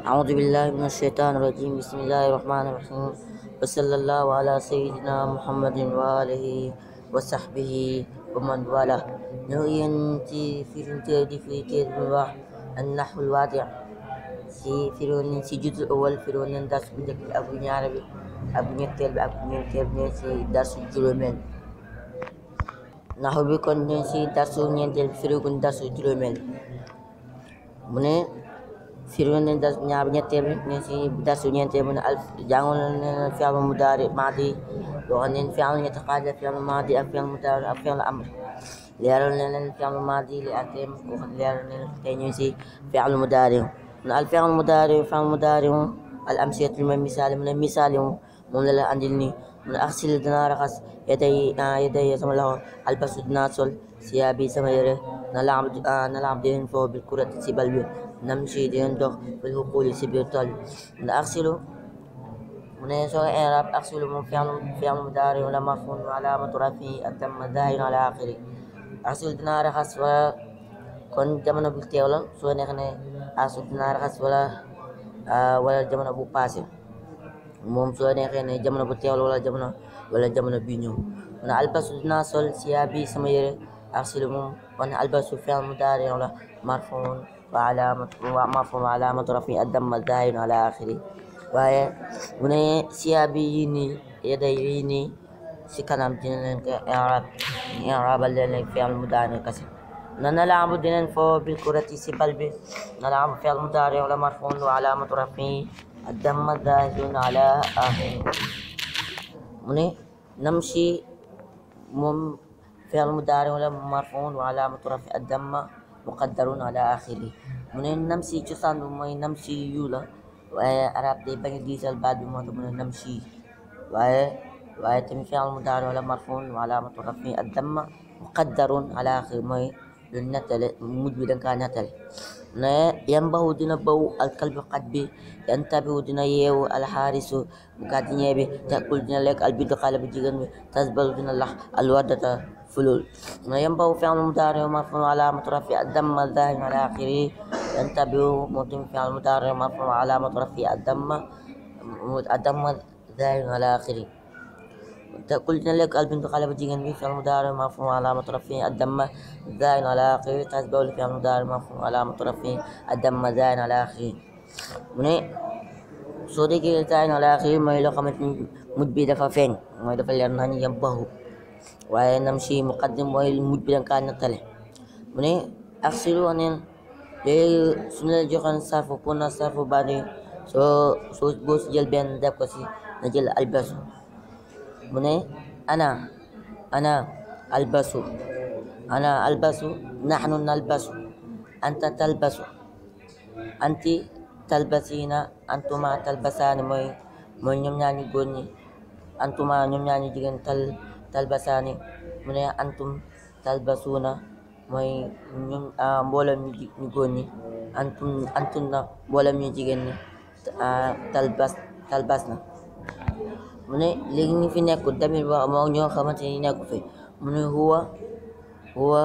أعوذ بالله من الشيطان الرجيم بسم الله الرحمن الرحيم وصلى الله على سيدنا محمد وآله وصحبه ومن والاه ñoo yéen ci firintee di fii téer bu wax annaxul waati si firoon nañ si jutul awal firoon nañ dars bu njëkk bi ak bu ñaare bi ak bu ñetteel bi ak bu ñeenteel bi si darsu juróomeel naxu bi kon nañ si darsu ñeenteel bi firogun darsu juróomeel mu ne sirwen nañ das ñaar ñetteel ñu si darsu ñeenteel mu ne al jàngoon nañ fi'l mudaari maadi yoo xam ne fi'l ñetti xaaj la fi'l maadi ak fi'l mudaari ak fi'l amr leeral nañ leen fi'l maadi li àtteem leeral nañ tey ñu si fi'l mudaari al fi'l mudaari fi'l mudaari al amsiyatu ma misaal mu ne misaal moom la la andil ni mu ne axsil dinaa raxas yaday yaday sama loxo albasu dinaa sol siyaabi sama yére na laam ah, na laam di foo bi kurat si bal bi namsi di leen dox fil xuquuli si biir tool bi la arsilu mu ne soo i'raab arsilu moom fi'lu mudaari alaamatu raf'ihi at-damma zaahira ala aaxiri dinaa raxas wala kon jamono bu teew la soo neex ne arsilu dinaa raxas wala wala jamono bu passé moom soo neexee ne jamono bu teew wala jamono wala jamono bi ñëw mu ne albasu dinaa sol siyaabi sama yére arsilu moom kon albasu fi'lu mudaari la marfuun وعلامة ومفهوم علامة رفع الدم الدائن على آخره waaye mu ne siyaab yi nii yedda yi nii si kanam dina leen ko i'raab i'raabal leen leen fi'l mudaari kese na nal'abu dinañ fo bil kurati si bal bi nal'abu fi'l mudaari wala marfuun wa alaamatu raf'ihi ad-damma daahirun ala aaxiri mu ne namshi moom fi'l mudaari wala marfuun wa alaamatu raf'ihi ad-damma muqaddarun ala axiri mu ne nam si cosaan bu mooy nam si yu la waaye arab day bañ a diisal baat bi moo tax mu ne nam si waaye waaye tamit fi'l mudaari wala marfuun wa alaamatu raf'ihi ad-damma muqaddarun ala axiri mooy lu nattale mujj bi danga kaa nattale ne yambahu dina baw alkalbu xaj bi yantabihu dina yeewu alxaarisu gardien bi takul dina lekk albidu xale bu jigéen bi tasbalu dina lax alwaddata fulul ne yambahu fi'l mudari marfu'un alamatu rafi damma zahir ala axiri yantabihu mutim fi'l mudari marfu'un alamatu rafi damma damma zahir ala axiri كل لك قلب بقلب جيجن في فعل مضارع مفعول علامة رفعه الدم زائد على آخره تسبب الفعل المضارع مفعول علامة رفعه الدم زائد على آخره من سوري كي زائد على آخره ما له خمس مدبر دفافين ما دفع لأنه ينبه ونمشي مقدم وهي مدبر كان نتله من أغسلوا أن léegi su ñu la joxoon saafu pour na saafu bari soo soo boo si jël benn def ko si na jël albert mu ne ana ana albasu ana albasu nahnu nalbasu anta talbasu anti talbasina antuma talbasaani mooy mooy ñoom ñaar ñu góor ñi antuma ñoom ñaa ñu jigéen tal mu ne antum talbasuna mooy ñoom mboolem ñu góor ñi antum na mboolem ñu jigéen ñi talbas talbas mu ne léegi ñu fi nekkul tamit wa moo ñoo xamante ni nekku fi mu ne huwa huwa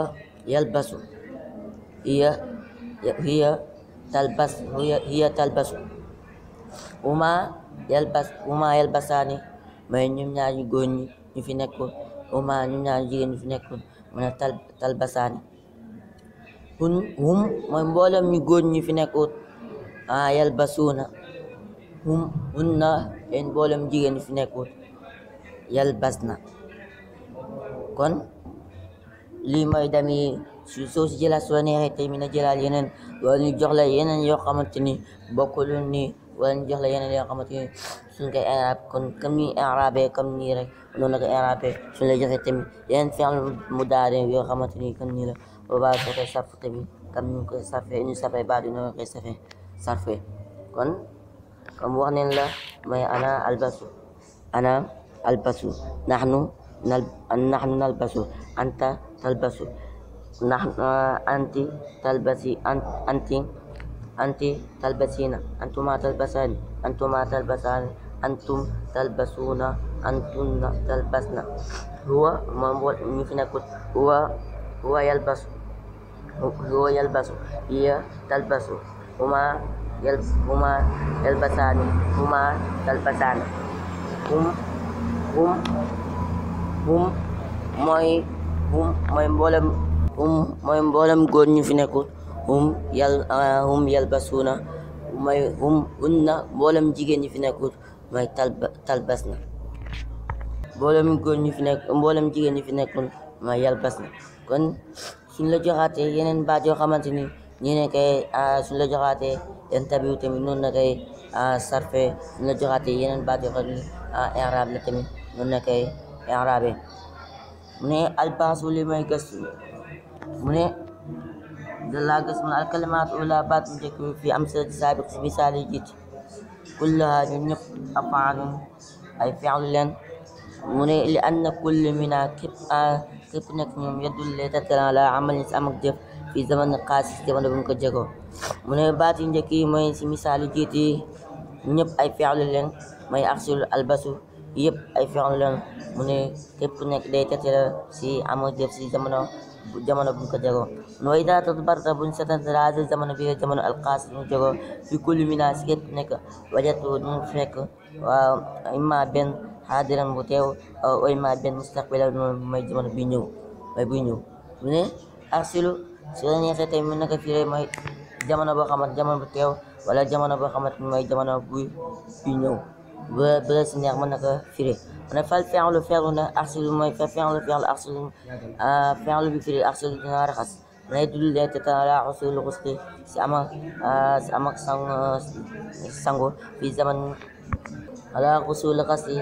yalbasu hiya hiya talbas hiya talbasu huma yalbas yalbasaani mooy ñoom ñaar ñu góor ñi ñu fi nekkul huma ñu ñaar ñu jigéen ñu fi nekkul mu ne tal talbasaani hum mooy mboolem ñu góor ñi fi nekkul a ah, yalbasuuna hum hunna na mboolem jigéen fi nekkut yalbas na kon lii mooy dam yi su soo si jëlaat soo neexee tey mën a yeneen wala ñu jox la yeneen yoo xamante ni bokkul ni wala ñu jox la yeneen yoo xamante ni suñ koy ni nii rek noonu la ko arabe suñ la joxee tamit yeneen fi'l mudaari yoo xamante ni comme nii la boobaa soo koy sarf ni ñu koy sarfee ñu sarfee kon comme wax neen la may ana albasu ana albasu nahnu nal nahnu nalbasu anta talbasu nahnu ah, anti talbasi anti anti talbasina antuma talbasani antuma talbasani antum talbasuna antunna talbasna huwa moom boo ñu fi nekkut huwa huwa yalbasu huwa yalbasu hiya talbasu huma యల్ ఉమా యల్పసాని ఉమా mooy um mboolem um mooy góor ñu fi nekkul um yal ah, um yalbasuuna mooy um unna mboolem jigéen ñi fi nekkul mooy talba talbas mboolem góor ñu fi nekk mboolem jigéen ñi fi nekkul mooy yalbas na kon suñ la joxaatee yeneen baat yoo ñi ne kay ah, suñ la joxaatee interview tamit noonu na kay ah, sarfe suñ la joxaatee yeneen baat yoo xam ne ah, i'raab la tamit noonu na kay i'raabe mu ne albaasu li may gëstu mu ne da laa gëstu mu ne alkalimaat ula baat mu njëkk fi am sa saabiq si misaal yi jiit kullaha ñu ñëpp afaalun ay fi'lu leen mu ne li anna kulli mina képp képp nekk ñoom yeddul lee tattalan la amalin si am ak jëf fi zaman xaalis jamono bu ñu ko jegoo mu ne baat yu njëkk yi mooy si misaalu jiit yi ñëpp ay fi'lu leen mooy axsul albasu yëpp ay fi'lu leen mu ne képp ku nekk day tetela si amoo si jamono jamono bu ñu ko jegoo mooy daa tot barta buñ setante raase jamono bi jamono alxaas bu ñu jegoo fi kulli mina si képp ku nekk wajatu du mu fekk waaw imma benn xaadiran bu teew o imma benn mustaqbilan mooy jamono bi ñëw mooy buy su la neexee tey mu nekk fii lay mooy jamono boo xamante jamono bu teew wala jamono boo xamante ni mooy jamono buy buy ñëw ba ba la si neex mën na ko firi mu ne fal fenlu fenlu na arsilu mooy ah, fa fenlu fenlu arsilu fenlu bi firi arsilu dina raxas mu ne dul lee te tan la arsilu xusti si ama si ama ah, sang sangu fi zaman ala xusul xasti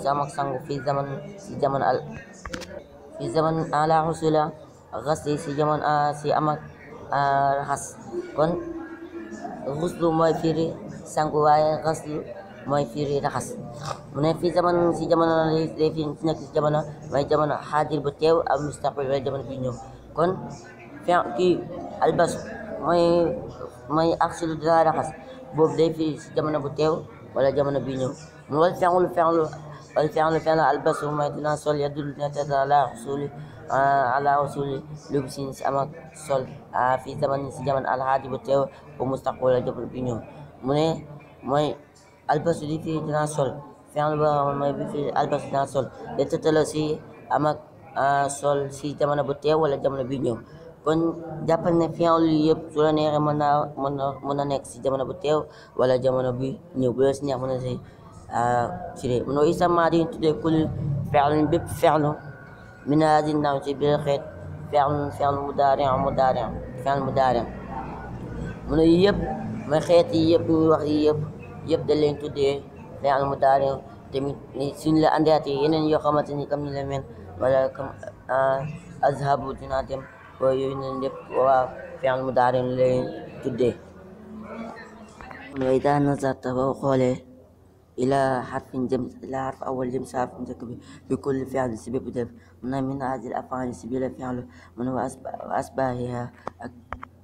si ah, ama sangu fi zaman si jamono al fi zaman ala xusula xasli si jamono si amak raxas ah, ah, kon xuslu mooy firi sangu waaye xaslu mooy firi raxas mu ne fii jamono si jamono lay fi nekk si jamono mooy jamono xaadir bu teew ak mustaqbal wala jamono bi ñëw kon fin kii albas mooy aksilu dina raxas boobu day firi si jamono bu teew wala jamono bii ñëw mu wal fenlu fenlu wal fenlu albasu mooy dina sol ya dul dina teetala xusuli على si لبس ama sol fii zaman si jamono alxaadi bu bu mustaqbal mu ne mooy albasu di firi dina sol fi'l boo mooy bi firi albasu sol de si ama sol si jamono bu teew wala jamono bi ñëw kon jàppal ne fi'l yi yëpp mën naa mën na mën na nekk si jamono bu teew wala jamono bi ñëw bu la si neex mën na si firee mu ne di kul fi'lin bépp fi'l min hadi ndaw ci biir xeet fi'l fi'l mudaari' mudaari' fi'l mudaari' mu ne yëpp ma xeet yi yëpp ñu wax yi yëpp yëpp da leen tuddee fi'l mudaari' tamit suñ la andaatee yeneen yoo xamante ni comme ni la mel wala comme ah, azhabu dinaa dem waaye yooyu ne lépp waa fi'l mudaari' la leen tuddee. wa idaa nazarta boo xoolee ilaa xarfin jëm ilaa xarf awal jëm saa fi njëkk bi fi kulli fi'lin si bépp def mu ne min haazihil af'aali si biir fi'l mu ne wa asbaahihaa ak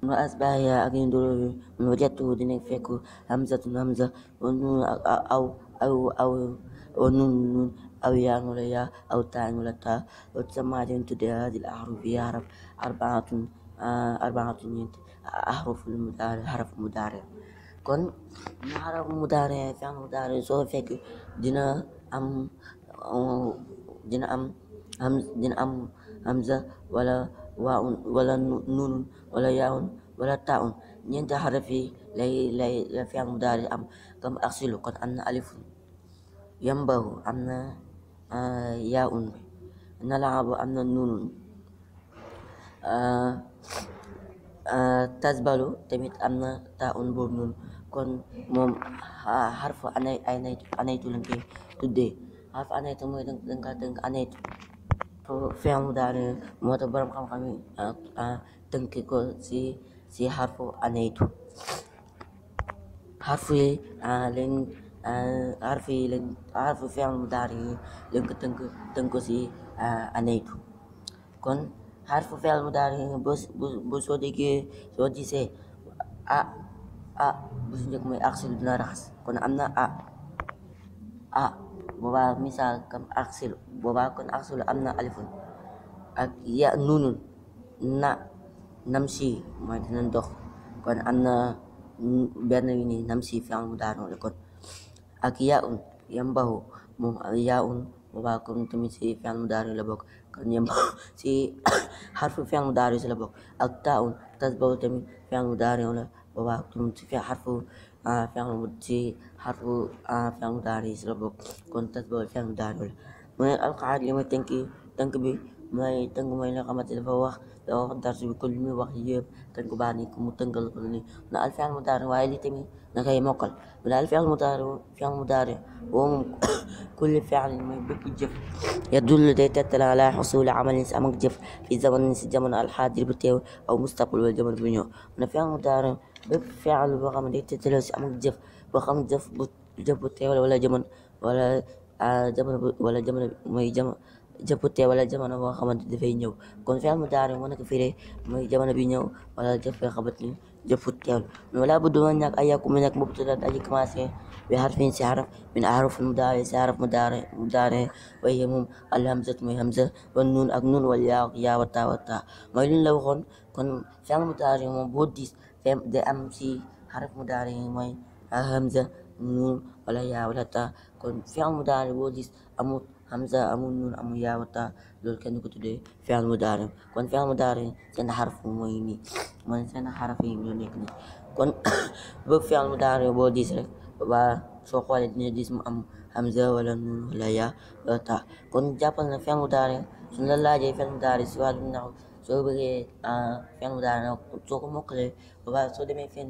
mu ne asbaahihaa ak ndoro mu ne wajadtu dina fekk hamzatun hamza wa nuun aw aw aw wa nuun nuun aw yaa wala yaa aw taa wala taa wa tusammaa den tudde haazihil ahruf yi xaraf arbaatun arbaatun ñeent ahruf mudaari xaraf mudaari kon naara mudaare fi'l mudaare soo fekk dina am dina am dina am hamza wala waawun wala nuunun wala yaawun wala taawun ñeenti xaraf yi lay lay la fi'l mudaare am kam arsilu kon am na alifun yamba am na eh, yaawun nalabu am na nuunun eh, eh, tasbalu tamit am na taawun boobu noonu kon moom xarfu anay anaytu anaytu lañ koy tuddee xarfu anaytu mooy dañ mu daal moo tax borom xam-xam yi ah, ah, ko si si xarfu anaytu xarfu ah, mu daal yi lañ ko si anaytu kon xarfu fin mu daal yi boo soo déggee soo a bu si njëkk mooy axil dina raxas kon am na a a boobaa misaal kam axil boobaa kon axilu am na alifun ak ya nuunun na namsi mooy dinañ dox kon am na benn wi nii namsi fi mu daanoo kon ak ya kon si fi mu daanoo la bokk kon yambahu si xarfu fi mu daanoo si la bokk ak taa un tas boobu tamit fi mu daanoo la وبعضهم في حرف فعل مضارع حرف فعل مضارع سبب كنت تتبع الفعل المضارع القاعدة li mooy tënk tënk bi mooy tënk mooy nga xamante dafa wax dafa wax dars bi ko li muy wax yëpp tënk baa ni mu tënkal ko ni na al fi'l mudari waaye li tamit na koy mokkal mu ne al fi'l mudari fi'l mudari wa moom kulli fi'l mooy bépp jëf yadullu day tegtal ala xusuli amalin si am ak jëf fi zamanin si jamono al xaadir bu teew aw mustaqbal wala jamono bu ñëw mu ne fi'l mudari bépp fi'l boo xam ne day tëtëloo si am ak jëf boo xam jëf bu jëf bu tee wala jamono wala ah, jamono wala jamono mooy jamono jëf bu tee wala jamono boo xamante dafay ñëw kon fi'l mudaari mën na ko firee mooy jamono bi ñëw wala jëf boo xamante ni jëf bu teewlu mais wala bu doon ñàkk ay yàqu mu nekk mubtada daji commencé bi harfin si harf min harf mudaari si harf mudaari mudaari wa hiya moom al hamzat mooy hamza wa nuun ak nuun wal yaa yaa wa taa wa taa mooy liñ la waxoon kon fi'l mudaari moom boo diis te day am ci xaraf mudaari yi mooy ah, hamza nuun wala yaa wala ta kon fi'l mudaari boo gis amul hamza amul nuun amul yaa wala ta loolu kenn ko tuddee fi'l mudaari kon fi'l mudaari seen xaraf mooy ni mooy seen xaraf yi ñoo nekk kon bu fi'l mudaari boo gis rek ba soo xoolee dina gis mu am hamza wala nuun wala yaa kon jàppal na fi'l mudaari su la laajee fi'l mudaari si wàllu naxu sobre a fi'l مقرئ وبعد من فعل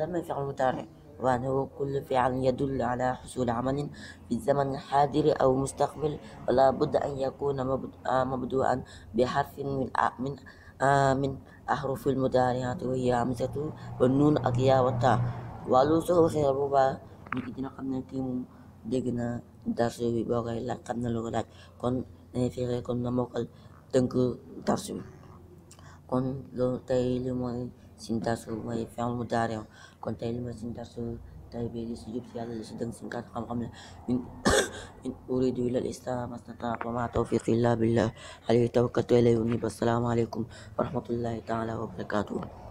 لما فعل مضارع وبعده كل فعل يدل على حصول عمل في الزمن الحاضر أو المستقبل ولا بد أن يكون مبدوءا بحرف من من من أحرف المضارعات وهي همزة والنون ak yaa wa taa waa loolu soo ko waxee boobaa nit ki dina xam ne kii moom dégg na darsu bi boo koy laaj xam na loo ko laaj kon dañuy fexe kon na mokkal tënk darsu bi kon loolu tey li mooy sintasu mooy fi'l mudari kon tey li mooy sintasu tey bi li si jub si yàlla li si dëng si gàtt xam-xam la in uridu illa al-islaaha mastata'tu wa ma tawfiqi illa billah alayhi tawakkaltu wa ilayhi unib assalaamu alaykum wa rahmatullahi taala wa barakatuh